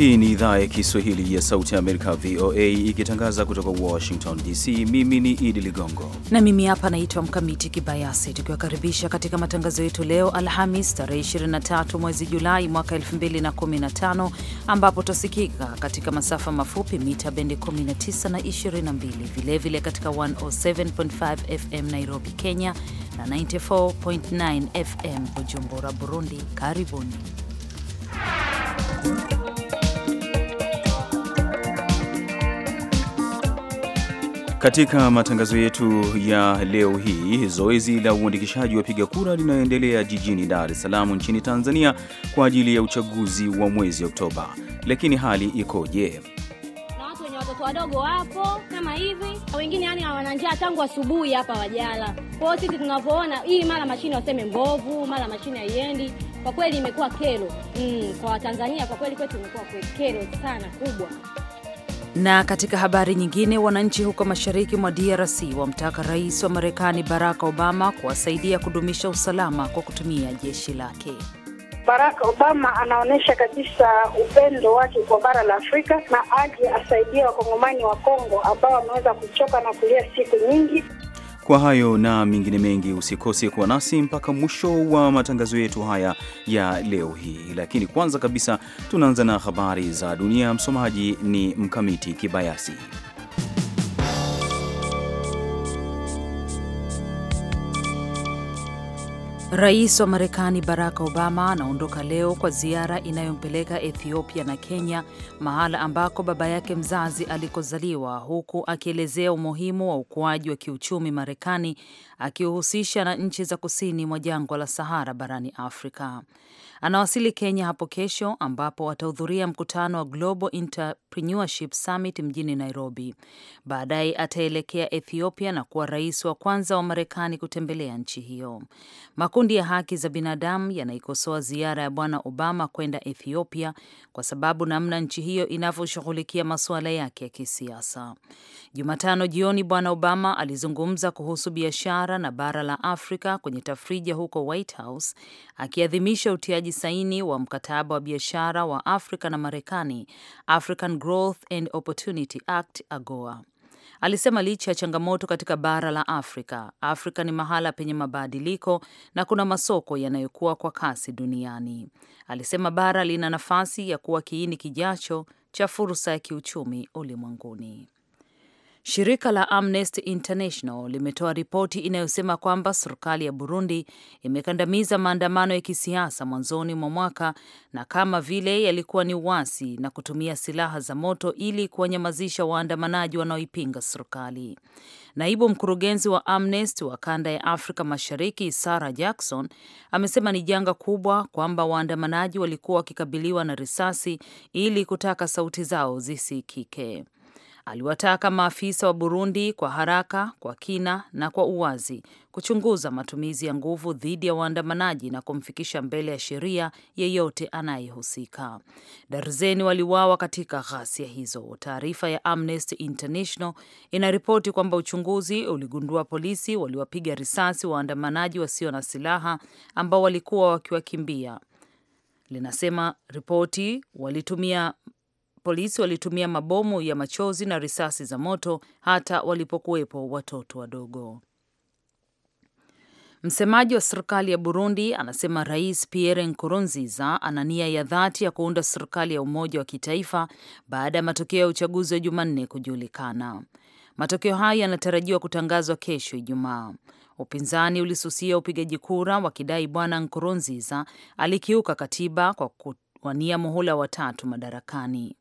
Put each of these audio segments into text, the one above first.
Hii ni idhaa ya Kiswahili ya Sauti ya Amerika, VOA, ikitangaza kutoka Washington DC. Mimi ni Idi Ligongo na mimi hapa naitwa Mkamiti Kibayasi, tukiwakaribisha katika matangazo yetu leo Alhamis tarehe 23 mwezi Julai mwaka 2015, ambapo tutasikika katika masafa mafupi mita bendi 19 na 22, vilevile katika 107.5 FM Nairobi, Kenya na 94.9 FM Bujumbura, Burundi. Karibuni. Katika matangazo yetu ya leo hii, zoezi la uandikishaji wapiga kura linaendelea jijini Dar es Salaam nchini Tanzania kwa ajili ya uchaguzi wa mwezi Oktoba. Lakini hali ikoje? Na watu wenye watoto wadogo wapo kama hivi, wengine yani hawana njaa tangu asubuhi hapa wajala. kwao. sisi tunavyoona hii, mara mashine waseme mbovu, mara mashine haiendi. Kwa kweli imekuwa kero mm, kwa Watanzania. Kwa kweli kwetu imekuwa kero sana kubwa. Na katika habari nyingine, wananchi huko mashariki mwa DRC wamtaka rais wa Marekani Barack Obama kuwasaidia kudumisha usalama kwa kutumia jeshi lake. Barack Obama anaonyesha kabisa upendo wake kwa bara la Afrika na aje asaidia wakongomani wa Kongo ambao wameweza kuchoka na kulia siku nyingi. Kwa hayo na mengine mengi, usikose kuwa nasi mpaka mwisho wa matangazo yetu haya ya leo hii, lakini kwanza kabisa tunaanza na habari za dunia. Msomaji ni Mkamiti Kibayasi. Rais wa Marekani Barack Obama anaondoka leo kwa ziara inayompeleka Ethiopia na Kenya, mahala ambako baba yake mzazi alikozaliwa, huku akielezea umuhimu wa ukuaji wa kiuchumi Marekani, akihusisha na nchi za kusini mwa jangwa la Sahara barani Afrika. Anawasili Kenya hapo kesho, ambapo atahudhuria mkutano wa Global Entrepreneurship Summit mjini Nairobi. Baadaye ataelekea Ethiopia na kuwa rais wa kwanza wa Marekani kutembelea nchi hiyo. Makundi ya haki za binadamu yanaikosoa ziara ya Bwana Obama kwenda Ethiopia kwa sababu namna nchi hiyo inavyoshughulikia masuala yake ya kisiasa. Jumatano jioni, Bwana Obama alizungumza kuhusu biashara na bara la Afrika kwenye tafrija huko White House, akiadhimisha utiaji uwekaji saini wa mkataba wa biashara wa Afrika na Marekani, African Growth and Opportunity Act, AGOA. Alisema licha ya changamoto katika bara la Afrika, Afrika ni mahala penye mabadiliko na kuna masoko yanayokuwa kwa kasi duniani. Alisema bara lina nafasi ya kuwa kiini kijacho cha fursa ya kiuchumi ulimwenguni. Shirika la Amnesty International limetoa ripoti inayosema kwamba serikali ya Burundi imekandamiza maandamano ya kisiasa mwanzoni mwa mwaka na kama vile yalikuwa ni uasi na kutumia silaha za moto ili kuwanyamazisha waandamanaji wanaoipinga serikali. Naibu mkurugenzi wa Amnesty wa kanda ya Afrika Mashariki, Sarah Jackson, amesema ni janga kubwa kwamba waandamanaji walikuwa wakikabiliwa na risasi ili kutaka sauti zao zisikike aliwataka maafisa wa Burundi kwa haraka, kwa kina na kwa uwazi kuchunguza matumizi ya nguvu dhidi ya waandamanaji na kumfikisha mbele ya sheria yeyote anayehusika. Darzeni waliuawa katika ghasia hizo. Taarifa ya Amnesty International inaripoti kwamba uchunguzi uligundua polisi waliwapiga risasi waandamanaji wasio na silaha ambao walikuwa wakiwakimbia. Linasema ripoti walitumia polisi walitumia mabomu ya machozi na risasi za moto hata walipokuwepo watoto wadogo. Msemaji wa serikali ya Burundi anasema Rais Pierre Nkurunziza ana nia ya dhati ya kuunda serikali ya umoja wa kitaifa baada ya matokeo ya uchaguzi wa Jumanne kujulikana. Matokeo haya yanatarajiwa kutangazwa kesho Ijumaa. Upinzani ulisusia upigaji kura wakidai Bwana Nkurunziza alikiuka katiba kwa kuwania muhula watatu madarakani.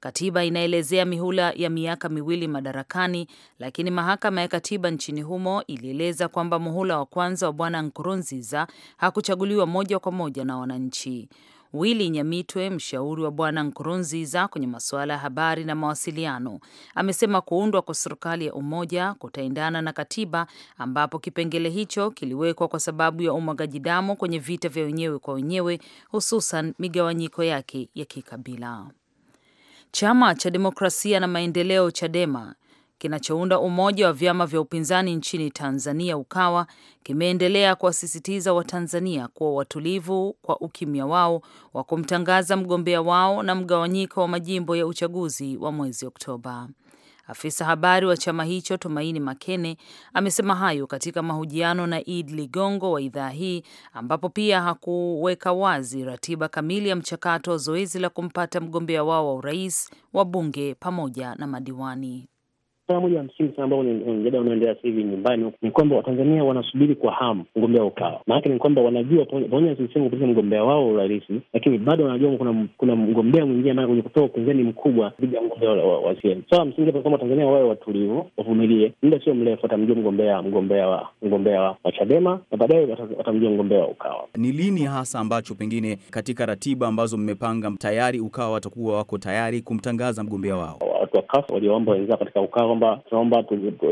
Katiba inaelezea mihula ya miaka miwili madarakani, lakini mahakama ya katiba nchini humo ilieleza kwamba muhula wa kwanza wa bwana Nkurunziza hakuchaguliwa moja kwa moja na wananchi. Willy Nyamitwe, mshauri wa bwana Nkurunziza kwenye masuala ya habari na mawasiliano, amesema kuundwa kwa serikali ya umoja kutaendana na katiba, ambapo kipengele hicho kiliwekwa kwa sababu ya umwagaji damu kwenye vita vya wenyewe kwa wenyewe, hususan migawanyiko yake ya kikabila. Chama cha Demokrasia na Maendeleo Chadema kinachounda umoja wa vyama vya upinzani nchini Tanzania Ukawa kimeendelea kuwasisitiza Watanzania kuwa watulivu kwa ukimya wao wa kumtangaza mgombea wao na mgawanyiko wa majimbo ya uchaguzi wa mwezi Oktoba. Afisa habari wa chama hicho Tumaini Makene amesema hayo katika mahojiano na Id Ligongo wa idhaa hii, ambapo pia hakuweka wazi ratiba kamili ya mchakato wa zoezi la kumpata mgombea wao wa urais, wa bunge pamoja na madiwani sala moja la msingi sana ambao mjadala unaoendelea sasa hivi nyumbani ni kwamba Watanzania wanasubiri kwa hamu mgombea wa ukawa. Maanake ni kwamba wanajua pamoja na CCM kupitia mgombea wao urais, lakini bado wanajua kuna kuna mgombea mwingine ambaye kwenye kutoa upinzani mkubwa dhidi ya mgombea wa CCM. Suala msingi hapa kwamba Watanzania wawe watulivu, wavumilie, muda sio mrefu watamjua mgombea mgombea wa mgombea wa Chadema na baadaye watamjua mgombea wa ukawa. Ni lini hasa ambacho pengine katika ratiba ambazo mmepanga tayari ukawa watakuwa wako tayari kumtangaza mgombea wao? Watu wa kafu walioomba wenzao katika ukawa kwamba tunaomba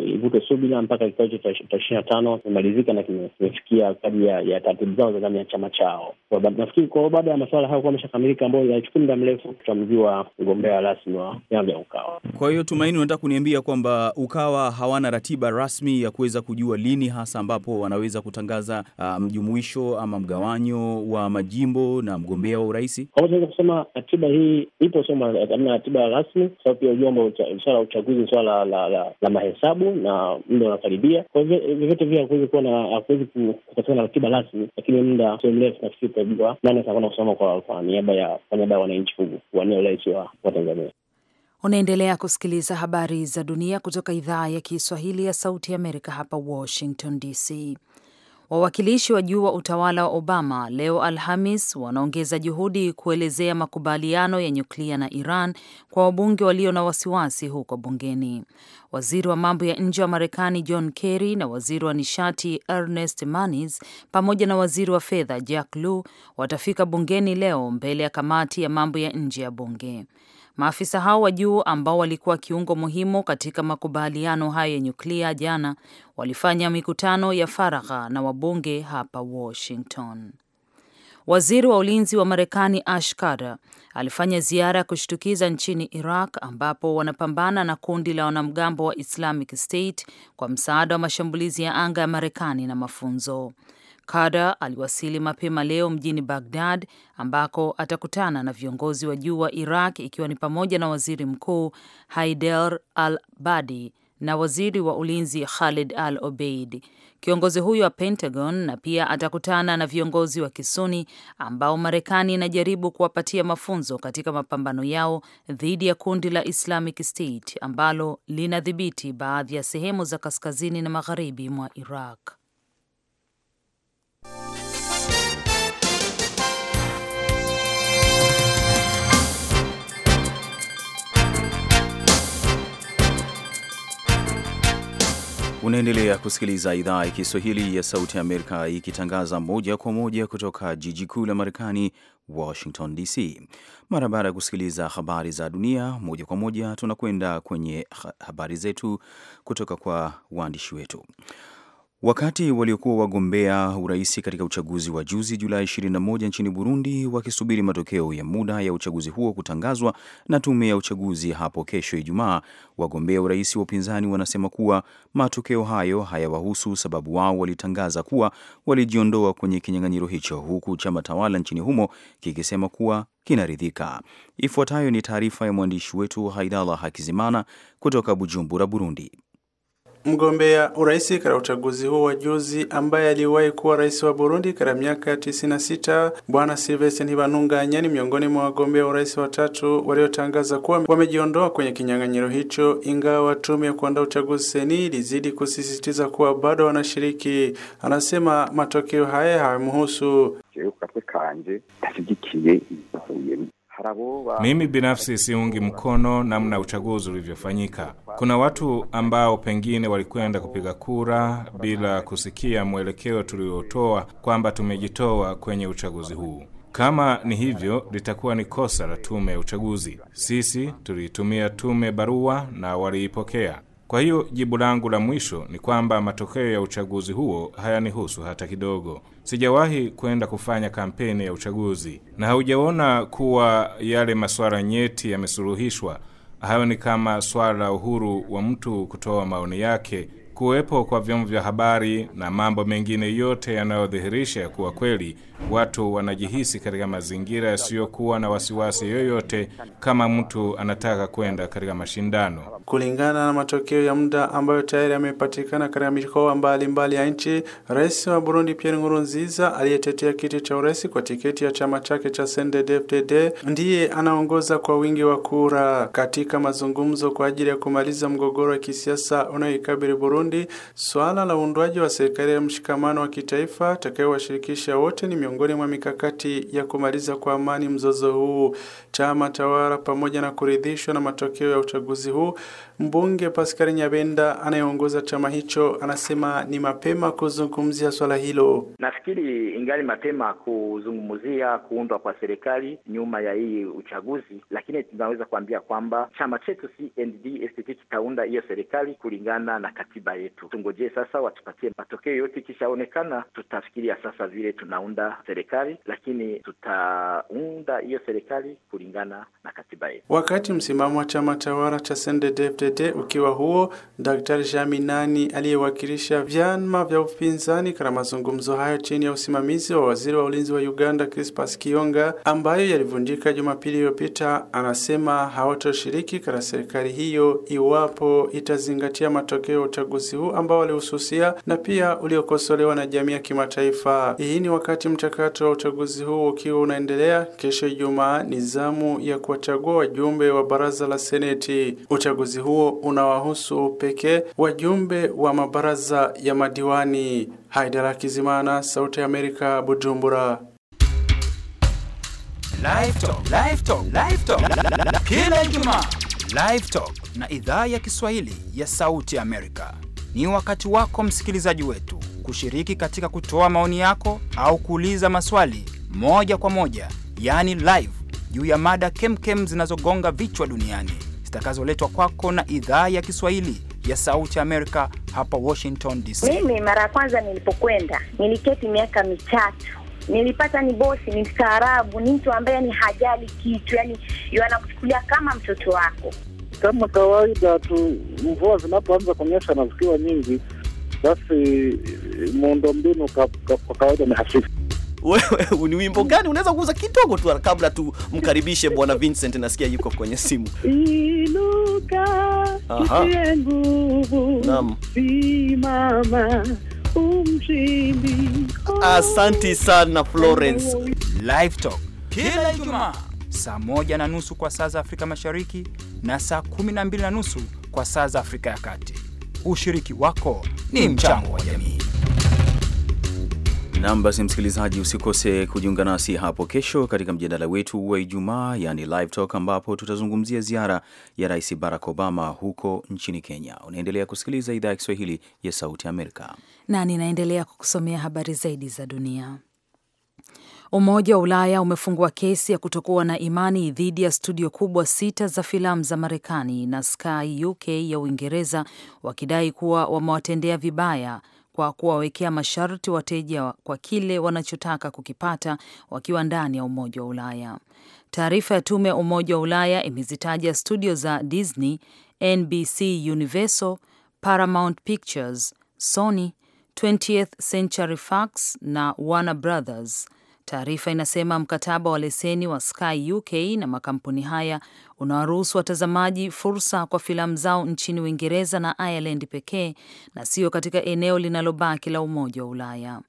ivute subira mpaka kikao hicho cha ishirini na tano imemalizika na kimefikia kadi ya taratibu zao za ndani ya chama chao. Nafikiri kwao baada ya masuala hayo kuwa ameshakamilika, ambayo yachukua muda mrefu, tutamjua mgombea rasmi wa vyama vya Ukawa. Kwa hiyo, Tumaini, unataka kuniambia kwamba Ukawa hawana ratiba rasmi ya kuweza kujua lini hasa ambapo wanaweza kutangaza uh, mjumuisho ama mgawanyo wa majimbo na mgombea wa urais? Tunaweza kusema ratiba hii ipo, sio ratiba rasmi, kwa sababu pia ujua kwamba swala la uchaguzi swala la, la, la mahesabu na muda unakaribia. Kwa hivyo eh, vyovyote vile hakuwezi kuwa na hakuwezi kupatikana na ratiba rasmi, lakini muda sio mrefu nafikiri utajua nani atakwenda kusoma kwa kwa niaba ya kwa niaba ya wananchi kuwania urais wa Tanzania. Unaendelea kusikiliza habari za dunia kutoka idhaa ya Kiswahili ya Sauti ya Amerika hapa Washington DC. Wawakilishi wa juu wa utawala wa Obama leo Alhamis wanaongeza juhudi kuelezea makubaliano ya nyuklia na Iran kwa wabunge walio na wasiwasi huko bungeni. Waziri wa mambo ya nje wa Marekani John Kerry na waziri wa nishati Ernest Moniz pamoja na waziri wa fedha Jack Lew watafika bungeni leo mbele ya kamati ya mambo ya nje ya bunge. Maafisa hao wa juu ambao walikuwa kiungo muhimu katika makubaliano hayo ya nyuklia, jana walifanya mikutano ya faragha na wabunge hapa Washington. Waziri wa ulinzi wa Marekani Ash Carter alifanya ziara ya kushtukiza nchini Iraq ambapo wanapambana na kundi la wanamgambo wa Islamic State kwa msaada wa mashambulizi ya anga ya Marekani na mafunzo kada aliwasili mapema leo mjini bagdad ambako atakutana na viongozi wa juu wa Iraq ikiwa ni pamoja na Waziri Mkuu Haider al badi na Waziri wa Ulinzi Khalid al-Obeid. Kiongozi huyo wa Pentagon na pia atakutana na viongozi wa Kisuni ambao Marekani inajaribu kuwapatia mafunzo katika mapambano yao dhidi ya kundi la Islamic State ambalo linadhibiti baadhi ya sehemu za kaskazini na magharibi mwa Iraq. Unaendelea kusikiliza idhaa ya Kiswahili ya Sauti ya Amerika ikitangaza moja kwa moja kutoka jiji kuu la Marekani, Washington DC. Mara baada ya kusikiliza habari za dunia moja kwa moja, tunakwenda kwenye habari zetu kutoka kwa waandishi wetu. Wakati waliokuwa wagombea urais katika uchaguzi wa juzi Julai 21 nchini Burundi wakisubiri matokeo ya muda ya uchaguzi huo kutangazwa na tume ya uchaguzi hapo kesho Ijumaa, wagombea urais wa upinzani wanasema kuwa matokeo hayo hayawahusu, sababu wao walitangaza kuwa walijiondoa kwenye kinyang'anyiro hicho, huku chama tawala nchini humo kikisema kuwa kinaridhika. Ifuatayo ni taarifa ya mwandishi wetu Haidala Hakizimana kutoka Bujumbura, Burundi. Mgombea urais katika uchaguzi huo wa juzi ambaye aliwahi kuwa rais wa Burundi katika miaka 96 Bwana Sylvestre Ntibantunganya ni miongoni mwa wagombea urais watatu waliotangaza kuwa wamejiondoa kwenye kinyang'anyiro hicho, ingawa tume ya kuandaa uchaguzi seni ilizidi kusisitiza kuwa bado wanashiriki. Anasema matokeo haya hayamhusu kanje mimi binafsi siungi mkono namna uchaguzi ulivyofanyika. Kuna watu ambao pengine walikwenda kupiga kura bila kusikia mwelekeo tuliotoa kwamba tumejitoa kwenye uchaguzi huu. Kama ni hivyo, litakuwa ni kosa la tume ya uchaguzi. Sisi tuliitumia tume barua na waliipokea. Kwa hiyo jibu langu la mwisho ni kwamba matokeo ya uchaguzi huo hayanihusu hata kidogo. Sijawahi kwenda kufanya kampeni ya uchaguzi na haujaona kuwa yale masuala nyeti yamesuluhishwa. Hayo ni kama swala la uhuru wa mtu kutoa maoni yake kuwepo kwa vyombo vya habari na mambo mengine yote yanayodhihirisha kuwa kweli watu wanajihisi katika mazingira yasiyokuwa na wasiwasi yoyote kama mtu anataka kwenda katika mashindano. Kulingana na matokeo ya muda ambayo tayari yamepatikana katika mikoa mbalimbali ya nchi, Rais wa Burundi Pierre Nkurunziza aliyetetea kiti cha urais kwa tiketi ya chama chake cha CNDD-FDD ndiye anaongoza kwa wingi wa kura katika mazungumzo kwa ajili ya kumaliza mgogoro wa kisiasa unayoikabiri Burundi. Burundi, swala la uundwaji wa serikali ya mshikamano wa kitaifa atakayowashirikisha wote ni miongoni mwa mikakati ya kumaliza kwa amani mzozo huu. Chama tawala, pamoja na kuridhishwa na matokeo ya uchaguzi huu, Mbunge Pascal Nyabenda anayeongoza chama hicho anasema ni mapema kuzungumzia swala hilo. Nafikiri ingali mapema kuzungumzia kuundwa kwa serikali nyuma ya hii uchaguzi, lakini tunaweza kuambia kwamba chama chetu CNDD-FDD kitaunda hiyo serikali kulingana na katiba yetu. Tungojee sasa watupatie matokeo yote, ikishaonekana tutafikiria sasa vile tunaunda serikali, lakini tutaunda hiyo serikali kulingana na katiba yetu. Wakati msimamo wa chama tawala cha CNDD-FDD Tete. Ukiwa huo Daktari Jaminani aliyewakilisha vyama vya upinzani katika mazungumzo hayo chini ya usimamizi wa waziri wa ulinzi wa Uganda Crispas Kionga, ambayo yalivunjika Jumapili iliyopita, anasema hawatoshiriki katika serikali hiyo iwapo itazingatia matokeo ya uchaguzi huu ambao walihususia na pia uliokosolewa na jamii ya kimataifa. Hii ni wakati mchakato wa uchaguzi huu ukiwa unaendelea. Kesho Ijumaa ni zamu ya kuwachagua wajumbe wa baraza la seneti. Uchaguzi huu huo unawahusu pekee wajumbe wa mabaraza ya madiwani. Haidara Kizimana, Sauti ya Amerika, Bujumbura. Live Talk, Live Talk, Live Talk kila Ijumaa. Live Talk na idhaa ya Kiswahili ya Sauti Amerika ni wakati wako msikilizaji wetu kushiriki katika kutoa maoni yako au kuuliza maswali moja kwa moja, yaani live, juu ya mada kemkem zinazogonga vichwa duniani zitakazoletwa kwako na idhaa ya Kiswahili ya Sauti Amerika hapa Washington DC. Mimi mara ya kwanza nilipokwenda niliketi miaka mitatu nilipata ni bosi, ni mstaarabu, ni mtu ambaye ni hajali kitu, yani anakuchukulia kama mtoto wako. Kama kawaida tu, mvua zinapoanza kunyesha na zikiwa nyingi, basi eh, muundombinu kwa kawaida ni hafifu wewe ni wimbo gani unaweza kuuza kidogo tu kabla tumkaribishe bwana Vincent, nasikia yuko kwenye simu. Inuka kitie nguvu, naam, simama umshindi. Asanti sana Florence. Oh, oh, oh. Live Talk kila Ijumaa saa moja na nusu kwa saa za Afrika Mashariki na saa kumi na mbili na nusu kwa saa za Afrika ya Kati. Ushiriki wako ni mchango wa jamii. Nam, basi msikilizaji, usikose kujiunga nasi hapo kesho katika mjadala wetu wa Ijumaa, yani live talk, ambapo tutazungumzia ziara ya Rais Barack Obama huko nchini Kenya. Unaendelea kusikiliza idhaa ya Kiswahili ya Sauti Amerika na ninaendelea kukusomea habari zaidi za dunia. Umoja wa Ulaya umefungua kesi ya kutokuwa na imani dhidi ya studio kubwa sita za filamu za Marekani na Sky UK ya Uingereza wakidai kuwa wamewatendea vibaya kwa kuwawekea masharti wateja kwa kile wanachotaka kukipata wakiwa ndani ya Umoja wa Ulaya. Taarifa ya tume ya Umoja wa Ulaya imezitaja studio za Disney, NBC Universal, Paramount Pictures, Sony, 20th Century Fox na Warner Brothers Taarifa inasema mkataba wa leseni wa Sky UK na makampuni haya unawaruhusu watazamaji fursa kwa filamu zao nchini Uingereza na Ireland pekee na sio katika eneo linalobaki la Umoja wa Ulaya.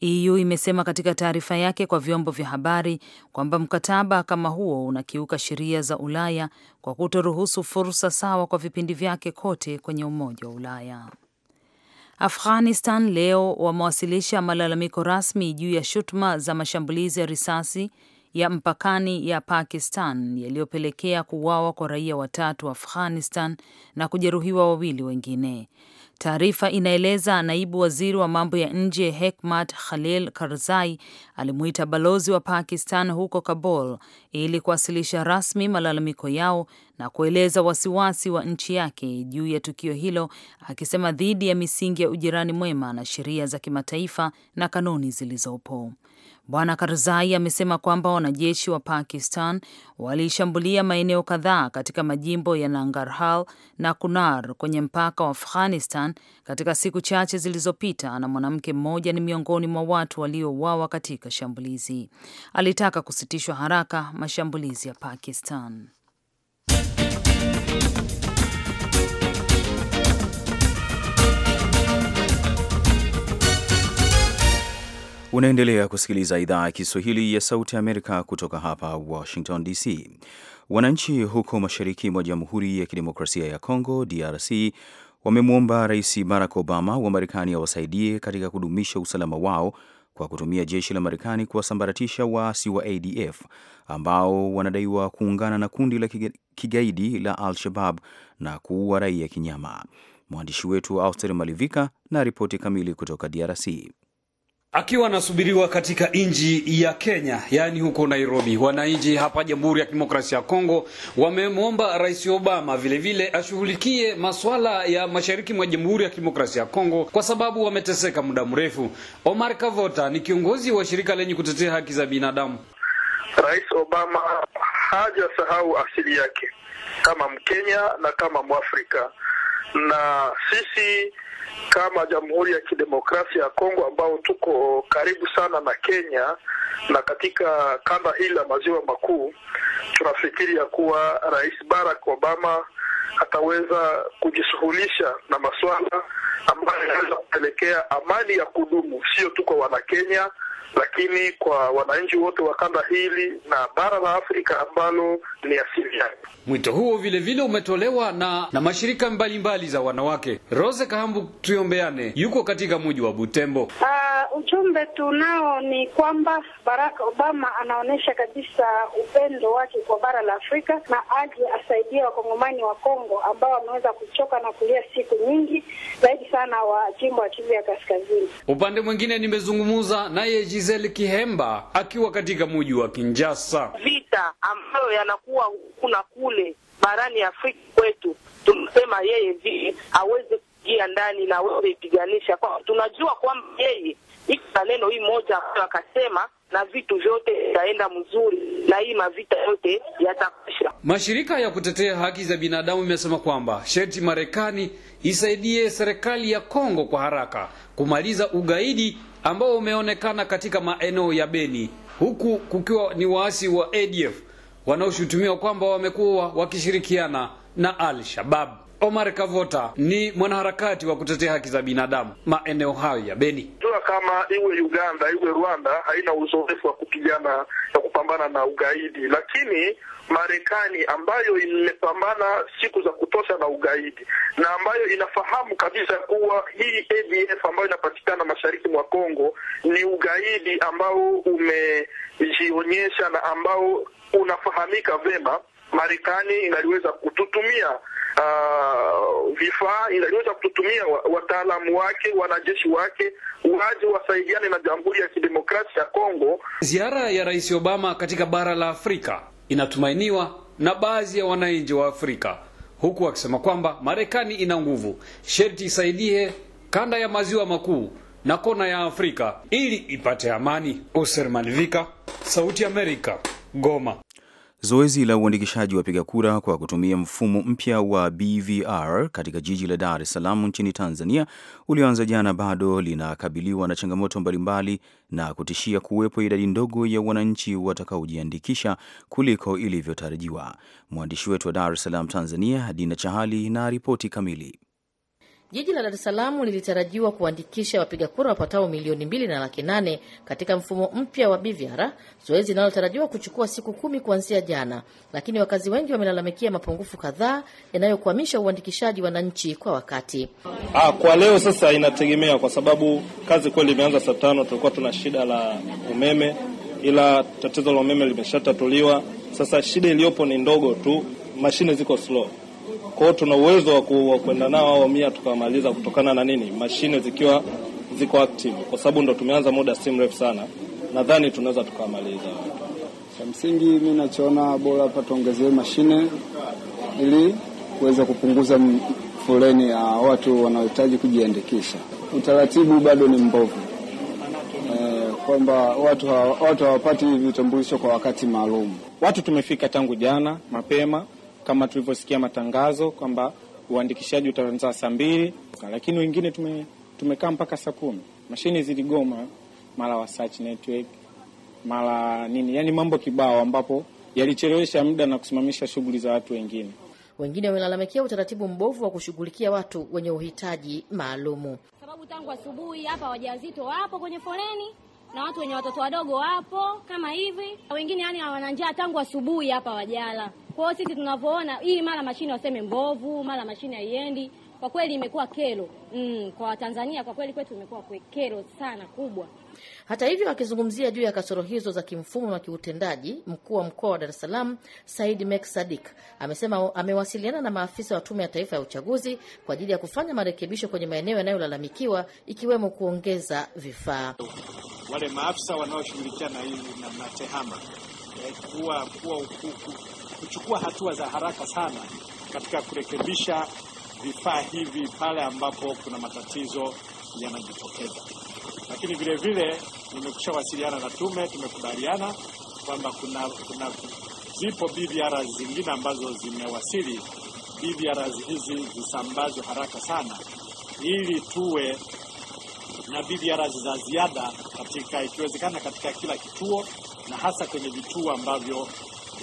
EU imesema katika taarifa yake kwa vyombo vya habari kwamba mkataba kama huo unakiuka sheria za Ulaya kwa kutoruhusu fursa sawa kwa vipindi vyake kote kwenye Umoja wa Ulaya. Afghanistan leo wamewasilisha malalamiko rasmi juu ya shutuma za mashambulizi ya risasi ya mpakani ya Pakistan yaliyopelekea kuuawa kwa raia watatu wa Afghanistan na kujeruhiwa wawili wengine. Taarifa inaeleza naibu waziri wa mambo ya nje Hekmat Khalil Karzai alimuita balozi wa Pakistan huko Kabul ili kuwasilisha rasmi malalamiko yao na kueleza wasiwasi wa nchi yake juu ya tukio hilo, akisema dhidi ya misingi ya ujirani mwema na sheria za kimataifa na kanuni zilizopo. Bwana Karzai amesema kwamba wanajeshi wa Pakistan walishambulia maeneo kadhaa katika majimbo ya Nangarhar na Kunar kwenye mpaka wa Afghanistan katika siku chache zilizopita, na mwanamke mmoja ni miongoni mwa watu waliouawa katika shambulizi. Alitaka kusitishwa haraka mashambulizi ya Pakistan. Unaendelea kusikiliza idhaa ya Kiswahili ya Sauti Amerika kutoka hapa Washington DC. Wananchi huko mashariki mwa Jamhuri ya Kidemokrasia ya congo DRC, wamemwomba Rais Barack Obama wa Marekani awasaidie katika kudumisha usalama wao kwa kutumia jeshi la Marekani kuwasambaratisha waasi wa ADF ambao wanadaiwa kuungana na kundi la kigaidi la Al-Shabab na kuua raia kinyama. Mwandishi wetu Auster Malivika na ripoti kamili kutoka DRC. Akiwa anasubiriwa katika nchi ya Kenya, yaani huko Nairobi, wananchi hapa Jamhuri ya Kidemokrasia ya Kongo wamemwomba Rais Obama vilevile ashughulikie masuala ya mashariki mwa Jamhuri ya Kidemokrasia ya Kongo kwa sababu wameteseka muda mrefu. Omar Kavota ni kiongozi wa shirika lenye kutetea haki za binadamu. Rais Obama hajasahau asili yake kama Mkenya na kama Mwafrika, na sisi kama Jamhuri ya Kidemokrasia ya Kongo ambao tuko karibu sana na Kenya na katika kanda hii la maziwa makuu, tunafikiri ya kuwa Rais Barack Obama ataweza kujishughulisha na masuala ambayo yanaweza kupelekea amani ya kudumu, sio tu kwa Wanakenya lakini kwa wananchi wote wa kanda hili na bara la Afrika ambalo ni asili yake. Mwito huo vilevile vile umetolewa na, na mashirika mbalimbali mbali za wanawake. Rose Kahambu tuombeane yuko katika mji wa Butembo. Aa, ah, ujumbe tunao ni kwamba Barack Obama anaonyesha kabisa upendo wake kwa bara la Afrika na aje asaidia wakongomani wa Kongo ambao wameweza kuchoka na kulia siku nyingi zaidi sana wa jimbo la Kivu ya Kaskazini. Upande mwingine, nimezungumza naye Giselle Kihemba akiwa katika muji wa Kinjasa. Vita ambayo yanakuwa huku na kule barani Afrika kwetu, tunasema yeye vi aweze kuingia ndani na wewe ipiganisha, kwa tunajua kwamba yeye ika neno hii moja ambayo akasema na vitu vyote vitaenda mzuri na hii mavita yote yatakwisha. Mashirika ya kutetea haki za binadamu imesema kwamba sheti Marekani isaidie serikali ya Kongo kwa haraka kumaliza ugaidi ambao umeonekana katika maeneo ya Beni, huku kukiwa ni waasi wa ADF wanaoshutumiwa kwamba wamekuwa wakishirikiana na Al-Shabab. Omar Kavota ni mwanaharakati wa kutetea haki za binadamu maeneo hayo ya Beni. Dola kama iwe Uganda iwe Rwanda haina uzoefu wa kupigana na kupambana na ugaidi, lakini Marekani ambayo imepambana siku za kutosha na ugaidi na ambayo inafahamu kabisa kuwa hii ADF ambayo inapatikana mashariki mwa Kongo ni ugaidi ambao umejionyesha na ambao unafahamika vema, Marekani inaliweza kututumia uh, vifaa inaliweza kututumia wataalamu wake, wanajeshi wake waje wasaidiane na Jamhuri ya Kidemokrasia ya Kongo. Ziara ya Rais Obama katika bara la Afrika inatumainiwa na baadhi ya wananchi wa Afrika huku akisema kwamba Marekani ina nguvu, sherti isaidie kanda ya maziwa makuu na kona ya Afrika ili ipate amani. Oser Malivika, Sauti ya Amerika, Goma. Zoezi la uandikishaji wapiga kura kwa kutumia mfumo mpya wa BVR katika jiji la Dar es Salaam nchini Tanzania ulioanza jana bado linakabiliwa na changamoto mbalimbali na kutishia kuwepo idadi ndogo ya wananchi watakaojiandikisha kuliko ilivyotarajiwa. Mwandishi wetu wa Dar es Salaam, Tanzania, Dina Chahali na ripoti kamili. Jiji la Dar es Salaam lilitarajiwa kuandikisha wapiga kura wapatao milioni mbili na laki nane katika mfumo mpya wa BVR, zoezi linalotarajiwa kuchukua siku kumi kuanzia jana, lakini wakazi wengi wamelalamikia mapungufu kadhaa yanayokwamisha uandikishaji wananchi kwa wakati. Ah, kwa leo sasa inategemea kwa sababu kazi kweli imeanza saa tano. Tulikuwa tuna shida la umeme, ila tatizo la umeme limeshatatuliwa. Sasa shida iliyopo ni ndogo tu, mashine ziko slow kwa hiyo tuna uwezo wa kwenda nao hao mia tukawamaliza, kutokana na nini? Mashine zikiwa ziko active, kwa sababu ndo tumeanza muda si mrefu sana, nadhani tunaweza tukawamaliza. Cha msingi mi nachoona bora hapa tuongezee mashine ili kuweza kupunguza foleni ya watu wanaohitaji kujiandikisha. Utaratibu bado ni mbovu e, kwamba watu hawapati watu vitambulisho kwa wakati maalum. Watu tumefika tangu jana mapema kama tulivyosikia matangazo kwamba uandikishaji utaanza saa mbili, lakini wengine tume, tumekaa mpaka saa kumi. Mashine ziligoma mara wa search network mara nini, yani mambo kibao ambapo yalichelewesha muda na kusimamisha shughuli za watu wengine. Wengine wamelalamikia utaratibu mbovu wa kushughulikia watu wenye uhitaji maalumu, sababu tangu asubuhi hapa wajawazito wapo kwenye foleni na watu wenye watoto wadogo wapo kama hivi, wengine yani hawana njaa tangu asubuhi hapa wajala kwa hiyo sisi tunavyoona hii mara mashine waseme mbovu, mara mashine haiendi, kwa kweli imekuwa kero mm, kwa Watanzania kwa kweli kwetu imekuwa kero sana kubwa. Hata hivyo, akizungumzia juu ya kasoro hizo za kimfumo na kiutendaji, mkuu wa mkoa wa Dar es Salaam Said Mek Sadik amesema amewasiliana na maafisa wa Tume ya Taifa ya Uchaguzi kwa ajili ya kufanya marekebisho kwenye maeneo yanayolalamikiwa ikiwemo kuongeza vifaa. Wale maafisa wanaoshughulikia na hii na, na tehama eh, kuwa, kuwa, kuwa, kuwa kuchukua hatua za haraka sana katika kurekebisha vifaa hivi pale ambapo kuna matatizo yanajitokeza. Lakini vile vile nimekusha wasiliana na tume, tumekubaliana kwamba kuna, kuna zipo BVRs zingine ambazo zimewasili. BVRs hizi zisambazwe haraka sana ili tuwe na BVRs za ziada katika, ikiwezekana, katika kila kituo na hasa kwenye vituo ambavyo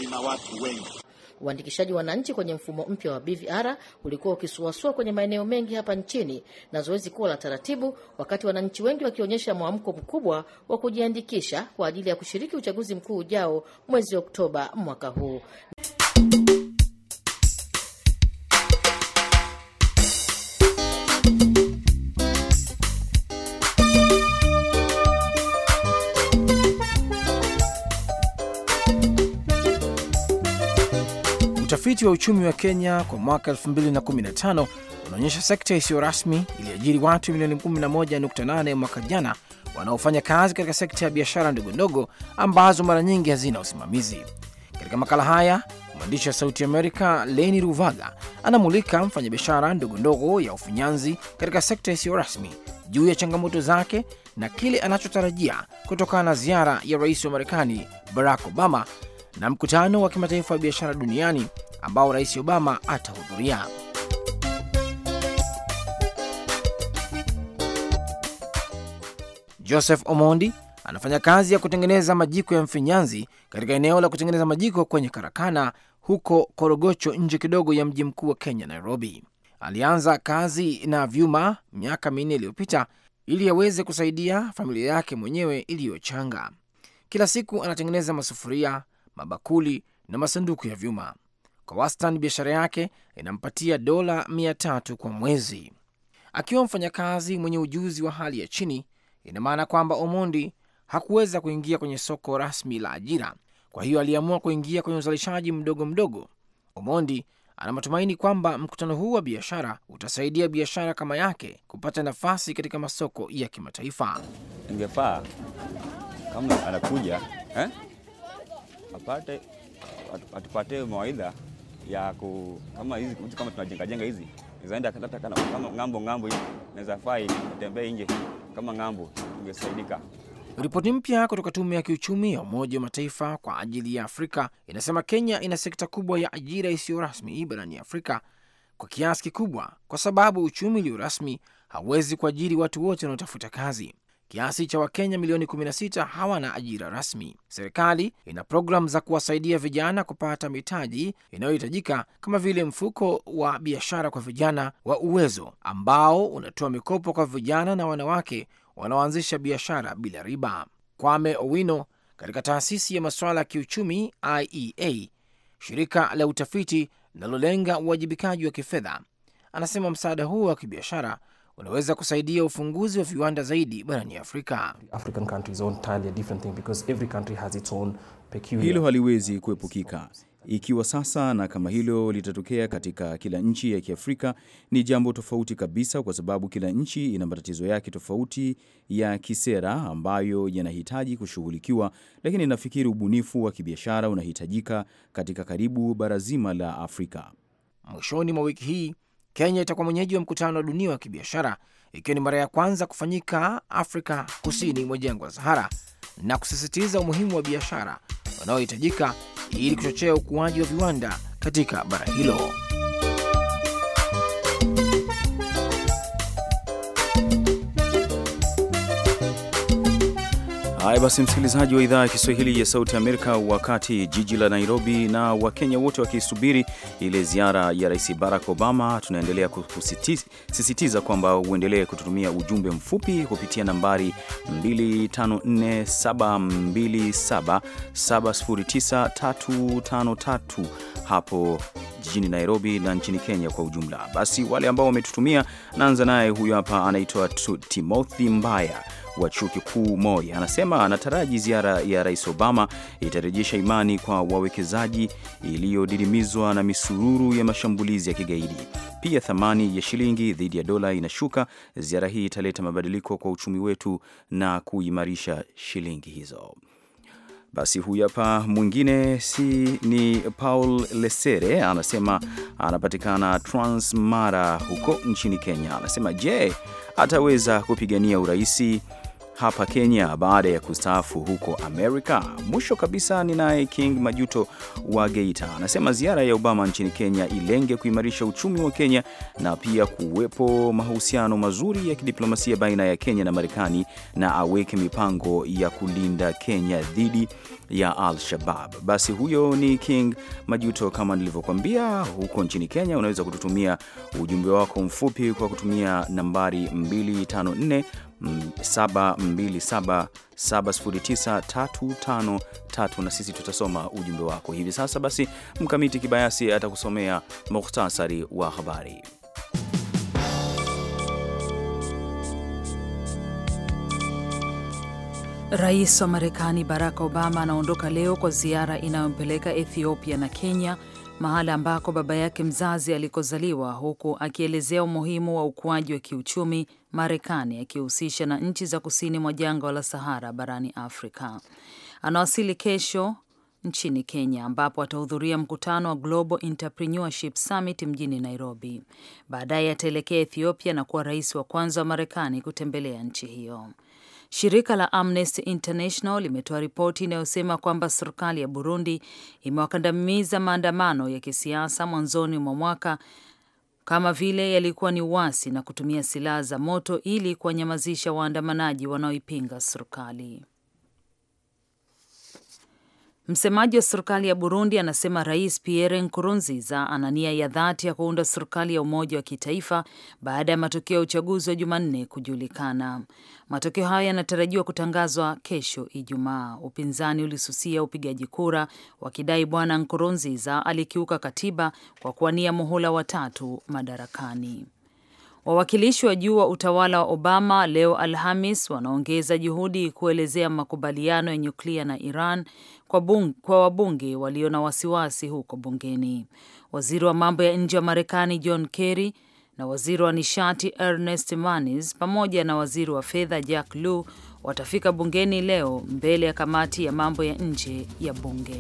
ina watu wengi. Uandikishaji wananchi kwenye mfumo mpya wa BVR ulikuwa ukisuasua kwenye maeneo mengi hapa nchini na zoezi kuwa la taratibu, wakati wananchi wengi wakionyesha mwamko mkubwa wa kujiandikisha kwa ajili ya kushiriki uchaguzi mkuu ujao mwezi Oktoba mwaka huu. Utafiti wa uchumi wa Kenya kwa mwaka 2015 unaonyesha sekta isiyo rasmi iliajiri watu milioni 11.8 mwaka jana wanaofanya kazi katika sekta ya biashara ndogo ndogo ambazo mara nyingi hazina usimamizi. Katika makala haya mwandishi wa Sauti Amerika Leni Ruvaga anamulika mfanyabiashara ndogo ndogo ya ufinyanzi katika sekta isiyo rasmi juu ya changamoto zake na kile anachotarajia kutokana na ziara ya rais wa Marekani Barack Obama na mkutano wa kimataifa wa biashara duniani ambao Rais Obama atahudhuria. Joseph Omondi anafanya kazi ya kutengeneza majiko ya mfinyanzi katika eneo la kutengeneza majiko kwenye karakana huko Korogocho, nje kidogo ya mji mkuu wa Kenya, Nairobi. Alianza kazi na vyuma miaka minne iliyopita ili aweze kusaidia familia yake mwenyewe iliyochanga. Kila siku anatengeneza masufuria, mabakuli na masanduku ya vyuma. Kwa wastani, biashara yake inampatia dola mia tatu kwa mwezi. Akiwa mfanyakazi mwenye ujuzi wa hali ya chini, ina maana kwamba Omondi hakuweza kuingia kwenye soko rasmi la ajira, kwa hiyo aliamua kuingia kwenye uzalishaji mdogo mdogo. Omondi ana matumaini kwamba mkutano huu wa biashara utasaidia biashara kama yake kupata nafasi katika masoko ya kimataifa. Ingefaa kama anakuja eh, apate atupatie mawaidha ya ku, kama hizi kitu kama tunajenga jenga hizi zaenda hata kama ng'ambo ng'ambo hivi naweza fai kutembea nje kama ng'ambo ungesaidika. Ripoti mpya kutoka tume ya kiuchumi ya Umoja wa Mataifa kwa ajili ya Afrika inasema Kenya ina sekta kubwa ya ajira isiyo rasmi barani Afrika kwa kiasi kikubwa, kwa sababu uchumi ulio rasmi hauwezi kuajiri watu wote wanaotafuta kazi. Kiasi cha Wakenya milioni 16 hawana ajira rasmi. Serikali ina programu za kuwasaidia vijana kupata mitaji inayohitajika kama vile mfuko wa biashara kwa vijana wa Uwezo ambao unatoa mikopo kwa vijana na wanawake wanaoanzisha biashara bila riba. Kwame Owino katika taasisi ya masuala ya kiuchumi IEA, shirika la utafiti linalolenga uwajibikaji wa kifedha, anasema msaada huo wa kibiashara unaweza kusaidia ufunguzi wa viwanda zaidi barani Afrika. Hilo haliwezi kuepukika ikiwa sasa na kama hilo litatokea katika kila nchi ya Kiafrika ni jambo tofauti kabisa, kwa sababu kila nchi ina matatizo yake tofauti ya kisera ambayo yanahitaji kushughulikiwa, lakini nafikiri ubunifu wa kibiashara unahitajika katika karibu bara zima la Afrika. Mwishoni mwa wiki hii Kenya itakuwa mwenyeji wa mkutano wa dunia wa kibiashara, ikiwa ni mara ya kwanza kufanyika Afrika kusini mwa jangwa la Sahara, na kusisitiza umuhimu wa biashara unaohitajika ili kuchochea ukuaji wa viwanda katika bara hilo. Haya basi, msikilizaji wa idhaa ya Kiswahili ya Sauti Amerika, wakati jiji la Nairobi na Wakenya wote wakisubiri ile ziara ya Rais Barack Obama, tunaendelea kusisitiza kwamba uendelee kututumia ujumbe mfupi kupitia nambari 254727709353 hapo jijini Nairobi na nchini Kenya kwa ujumla. Basi wale ambao wametutumia, naanza naye huyo hapa, anaitwa Timothy Mbaya wa chuo kikuu Moi anasema anataraji ziara ya Rais Obama itarejesha imani kwa wawekezaji iliyodidimizwa na misururu ya mashambulizi ya kigaidi. Pia thamani ya shilingi dhidi ya dola inashuka. Ziara hii italeta mabadiliko kwa uchumi wetu na kuimarisha shilingi hizo. Basi huyu hapa mwingine si ni Paul Lesere, anasema anapatikana Transmara huko nchini Kenya. Anasema je, ataweza kupigania uraisi hapa Kenya baada ya kustaafu huko Amerika. Mwisho kabisa ni naye King Majuto wa Geita, anasema ziara ya Obama nchini Kenya ilenge kuimarisha uchumi wa Kenya na pia kuwepo mahusiano mazuri ya kidiplomasia baina ya Kenya na Marekani, na aweke mipango ya kulinda Kenya dhidi ya Al-Shabab. Basi huyo ni King Majuto. Kama nilivyokuambia, huko nchini Kenya unaweza kututumia ujumbe wako mfupi kwa kutumia nambari 254 727709353 na sisi tutasoma ujumbe wako hivi sasa. Basi Mkamiti Kibayasi atakusomea mukhtasari wa habari. Rais wa Marekani Barack Obama anaondoka leo kwa ziara inayompeleka Ethiopia na Kenya mahala ambako baba yake mzazi alikozaliwa, huku akielezea umuhimu wa ukuaji wa kiuchumi Marekani akihusisha na nchi za kusini mwa jangwa la Sahara barani Afrika. Anawasili kesho nchini Kenya ambapo atahudhuria mkutano wa Global Entrepreneurship Summit mjini Nairobi. Baadaye ataelekea Ethiopia na kuwa rais wa kwanza wa Marekani kutembelea nchi hiyo. Shirika la Amnesty International limetoa ripoti inayosema kwamba serikali ya Burundi imewakandamiza maandamano ya kisiasa mwanzoni mwa mwaka kama vile yalikuwa ni uasi na kutumia silaha za moto ili kuwanyamazisha waandamanaji wanaoipinga serikali. Msemaji wa serikali ya Burundi anasema Rais Pierre Nkurunziza ana nia ya dhati ya kuunda serikali ya umoja wa kitaifa baada ya matokeo ya uchaguzi wa Jumanne kujulikana. Matokeo hayo yanatarajiwa kutangazwa kesho Ijumaa. Upinzani ulisusia upigaji kura wakidai Bwana Nkurunziza alikiuka katiba kwa kuwania muhula watatu madarakani. Wawakilishi wa juu wa utawala wa Obama leo Alhamis wanaongeza juhudi kuelezea makubaliano ya nyuklia na Iran kwa, kwa wabunge walio na wasiwasi huko bungeni. Waziri wa mambo ya nje wa Marekani John Kerry na waziri wa nishati Ernest Moniz pamoja na waziri wa fedha Jack Lew watafika bungeni leo mbele ya kamati ya mambo ya nje ya bunge.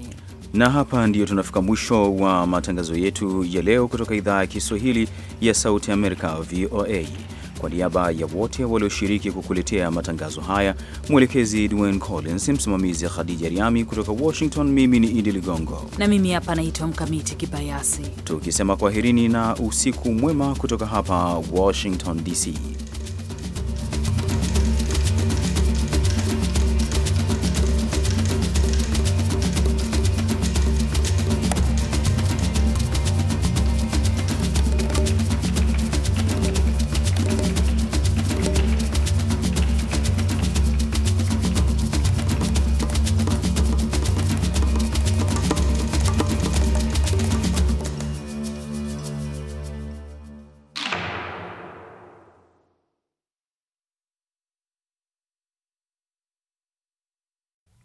Na hapa ndiyo tunafika mwisho wa matangazo yetu ya leo kutoka idhaa ya Kiswahili ya Sauti Amerika, VOA. Kwa niaba ya wote walioshiriki kukuletea matangazo haya, mwelekezi Dwayne Collins, msimamizi Khadija Riami kutoka Washington, mimi ni Idi Ligongo na mimi hapa naitwa Mkamiti Kibayasi, tukisema kwaherini na usiku mwema kutoka hapa Washington DC.